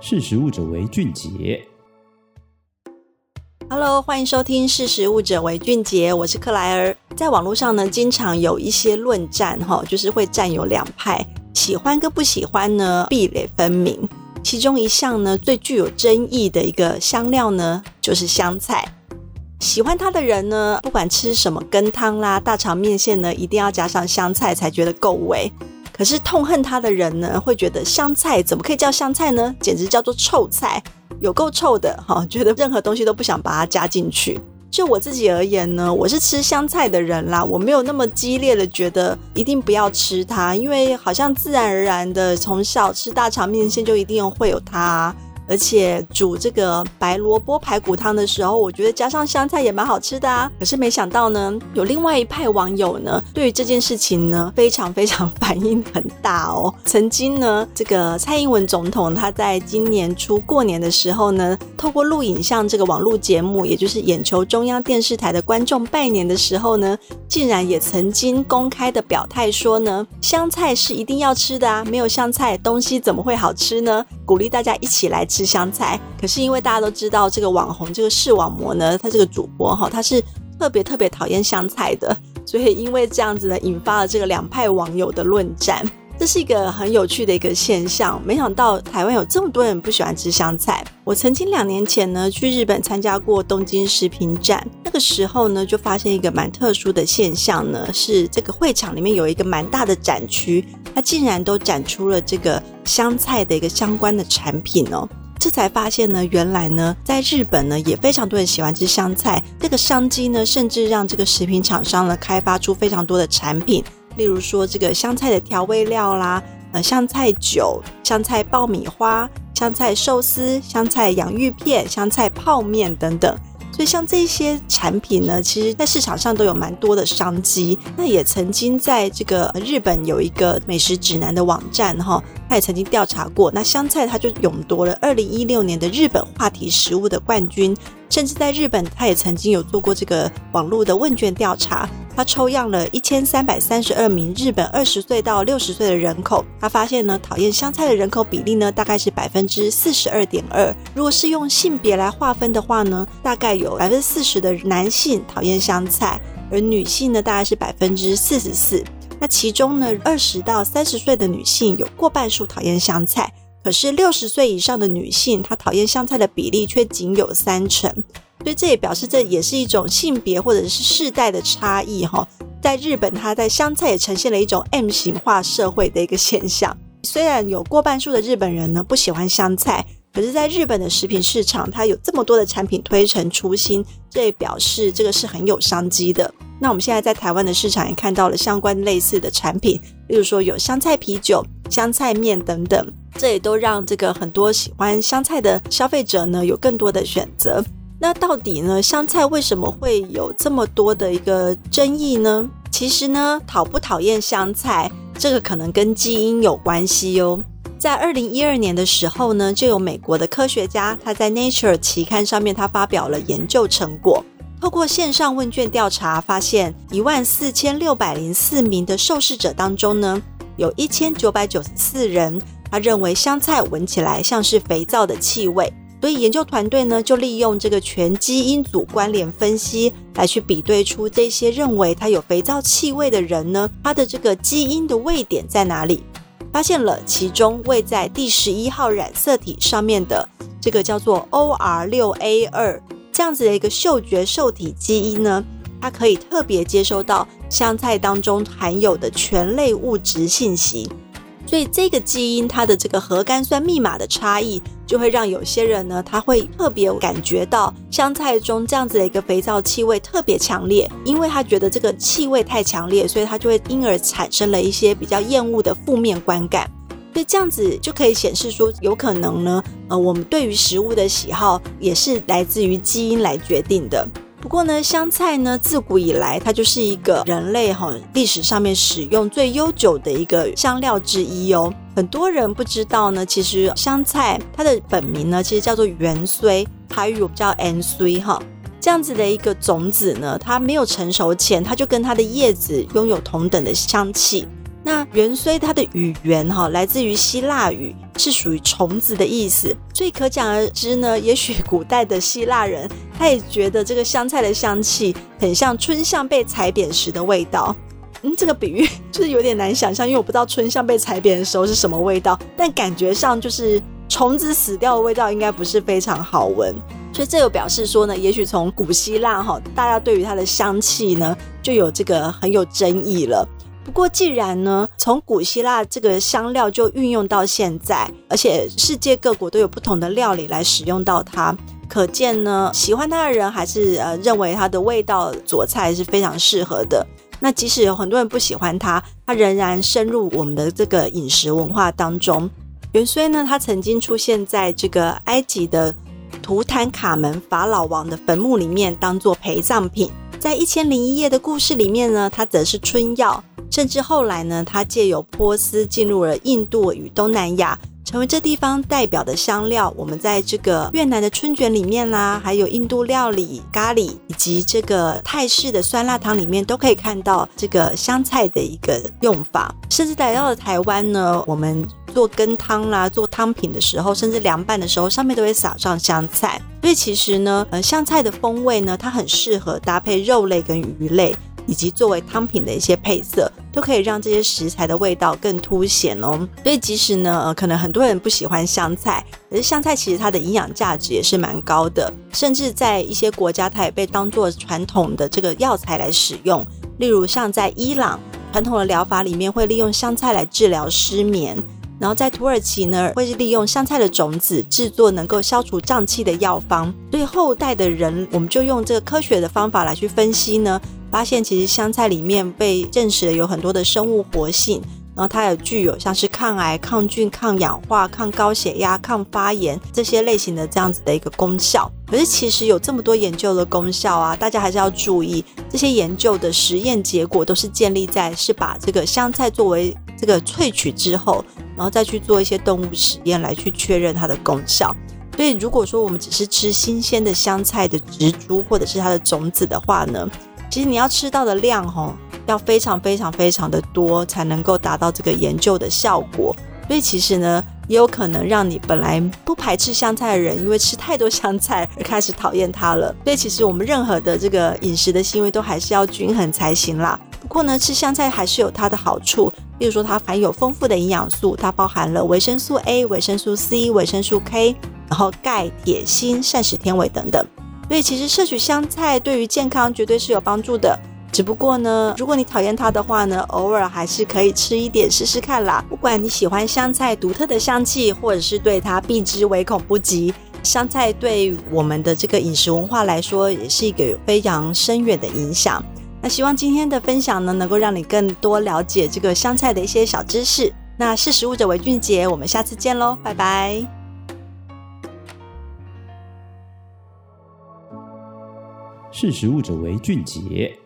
識食物者為俊傑。Hello，歡迎收聽《識食物者為俊傑》，我是克萊兒。在網絡上呢，經常有一些論戰，哈，就是會站有兩派，喜歡跟不喜歡呢，壁壘分明。其中一項呢，最具有爭議的一個香料呢，就是香菜。喜歡它的人呢，不管吃什麼羹湯啦、大腸麵線呢，一定要加上香菜才覺得夠味。可是痛恨它的人呢，會覺得香菜怎麼可以叫香菜呢？簡直叫做臭菜，有夠臭的哈、哦！覺得任何東西都不想把它加進去。就我自己而言呢，我是吃香菜的人啦，我沒有那麼激烈的覺得一定不要吃它，因為好像自然而然的從小吃大腸麵線就一定會有它。而且煮這個白蘿蔔排骨湯的時候，我覺得加上香菜也蠻好吃的啊。可是沒想到呢，有另外一派網友呢，對於這件事情呢，非常非常反應很大哦。曾經呢，這個蔡英文總統他在今年初過年的時候呢，透過錄影像這個網絡節目，也就是眼球中央電視台的觀眾拜年的時候呢，竟然也曾經公開的表態說呢，香菜是一定要吃的啊，沒有香菜，東西怎麼會好吃呢？鼓勵大家一起來吃香菜，可是因為大家都知道這個網紅這個視網膜呢，他這個主播哈，他是特別特別討厭香菜的，所以因為這樣子呢，引發了這個兩派網友的論戰。這是一個很有趣的一個現象，沒想到台灣有這麼多人不喜歡吃香菜。我曾經兩年前呢，去日本參加過東京食品展，那個時候呢，就發現一個蠻特殊的現象呢，是這個會場裡面有一個蠻大的展區。他竟然都展出了這個香菜的一個相關的產品哦，這才發現呢，原來呢，在日本呢也非常多人喜歡吃香菜，這個商機呢，甚至讓這個食品廠商呢開發出非常多的產品，例如說這個香菜的調味料啦，呃，香菜酒、香菜爆米花、香菜壽司、香菜洋芋片、香菜泡麵等等。所以像這些產品呢，其實在市場上都有蠻多的商機。那也曾經在這個日本有一個美食指南的網站哈，他也曾經調查過。那香菜它就勇奪了二零一六年的日本話題食物的冠軍，甚至在日本，他也曾經有做過這個網絡的問卷調查。他抽樣了一千三百三十二名日本二十歲到六十歲的人口，他發現呢，討厭香菜的人口比例呢，大概是百分之四十二點二。如果是用性別來劃分的話呢，大概有百分之四十的男性討厭香菜，而女性呢，大概是百分之四十四。那其中呢，二十到三十歲的女性有過半數討厭香菜，可是六十歲以上的女性，她討厭香菜的比例卻僅有三成。所以這也表示，這也是一種性別或者是世代的差異哈、哦。在日本，它在香菜也呈現了一種 M 型化社會的一個現象。雖然有過半數的日本人呢不喜歡香菜，可是，在日本的食品市場，它有這麼多的產品推陳出新，這也表示這個是很有商機的。那我們現在在台灣的市場也看到了相關類似的產品，例如說有香菜啤酒、香菜麵等等，這也都讓這個很多喜歡香菜的消費者呢有更多的選擇。那到底呢？香菜為什麼會有這麼多的一個爭議呢？其實呢，討不討厭香菜，這個可能跟基因有關係喲。在二零一二年的時候呢，就有美國的科學家，他在 Nature 期刊上面他發表了研究成果，透過線上問卷調查，發現一萬四千六百零四名的受試者當中呢，有一千九百九十四人，他認為香菜聞起來像是肥皂的氣味。所以研究團隊呢，就利用這個全基因組關聯分析來去比對出這些認為它有肥皂氣味的人呢，他的這個基因的位點在哪裡？發現了其中位在第十一號染色體上面的這個叫做 OR6A2 這樣子的一個嗅覺受體基因呢，它可以特別接收到香菜當中含有的醛類物質信息。所以這個基因，它的這個核苷酸密碼的差異，就會讓有些人呢，他會特別感覺到香菜中這樣子的一個肥皂氣味特別強烈，因為他覺得這個氣味太強烈，所以他就會因而產生了一些比較厭惡的負面觀感。所以這樣子就可以顯示說，有可能呢，呃，我們對於食物的喜好也是來自於基因來決定的。不過呢，香菜呢，自古以來它就是一個人類哈、哦、歷史上面使用最悠久的一個香料之一哦。很多人不知道呢，其實香菜它的本名呢，其實叫做芫荽，還有叫 n 荽哈、哦。這樣子的一個種子呢，它沒有成熟前，它就跟它的葉子擁有同等的香氣。那芫荽它的語源哈、哦，來自於希臘語。是屬於蟲子的意思，所以可想而知呢，也許古代的希臘人，他也覺得這個香菜的香氣很像椿象被踩扁時的味道。嗯，這個比喻就是有點難想象因為我不知道椿象被踩扁的時候是什麼味道，但感覺上就是蟲子死掉的味道，應該不是非常好聞。所以這又表示說呢，也許從古希臘哈，大家對於它的香氣呢，就有這個很有爭議了。不過，既然呢，從古希臘這個香料就運用到現在，而且世界各國都有不同的料理來使用到它，可見呢，喜歡它的人還是呃認為它的味道佐菜是非常適合的。那即使有很多人不喜歡它，它仍然深入我們的這個飲食文化當中。原來呢，它曾經出現在這個埃及的圖坦卡門法老王的墳墓裡面，當做陪葬品。在一千零一夜的故事裡面呢，它則是春藥。甚至後來呢，它借由波斯進入了印度與東南亞，成為這地方代表的香料。我們在這個越南的春卷裡面啦、啊，還有印度料理咖喱，以及這個泰式的酸辣湯裡面，都可以看到這個香菜的一個用法。甚至來到了台灣呢，我們做羹湯啦、做湯品的時候，甚至涼拌的時候，上面都會撒上香菜。所以其實呢，呃，香菜的風味呢，它很適合搭配肉類跟魚類，以及作為湯品的一些配色，都可以讓這些食材的味道更凸顯哦。所以其實呢，呃，可能很多人不喜歡香菜，可是香菜其實它的營養價值也是蠻高的，甚至在一些國家，它也被當做傳統的這個藥材來使用。例如像在伊朗，傳統的療法裡面會利用香菜來治療失眠。然後在土耳其呢，會是利用香菜的種子制作能夠消除脹氣的藥方。所以後代的人，我們就用這個科學的方法來去分析呢，發現其實香菜裡面被證實了有很多的生物活性，然後它也具有像是抗癌、抗菌、抗氧化、抗高血壓、抗發炎這些類型的這樣子的一個功效。可是其實有這麼多研究的功效啊，大家還是要注意，這些研究的實驗結果都是建立在是把這個香菜作為。這個萃取之後，然後再去做一些動物實驗來去確認它的功效。所以，如果說我們只是吃新鮮的香菜的植株或者是它的種子的話呢，其實你要吃到的量吼、哦，要非常非常非常的多才能夠達到這個研究的效果。所以，其實呢，也有可能讓你本來不排斥香菜的人，因為吃太多香菜而開始討厭它了。所以，其實我們任何的這個飲食的行為都還是要均衡才行啦。不過呢，吃香菜還是有它的好處。比如說，它含有豐富的營養素，它包含了維生素 A、維生素 C、維生素 K，然後鈣、鐵、鋅、膳食纖維等等。所以，其實攝取香菜對於健康絕對是有幫助的。只不過呢，如果你討厭它的話呢，偶爾還是可以吃一點試試看啦。不管你喜歡香菜獨特的香氣，或者是對它避之唯恐不及，香菜對我們的這個飲食文化來說，也是一個非常深遠的影響。那希望今天的分享呢，能夠讓你更多了解這個香菜的一些小知識。那識食物者為俊傑，我們下次見嘍，拜拜。識食物者為俊傑。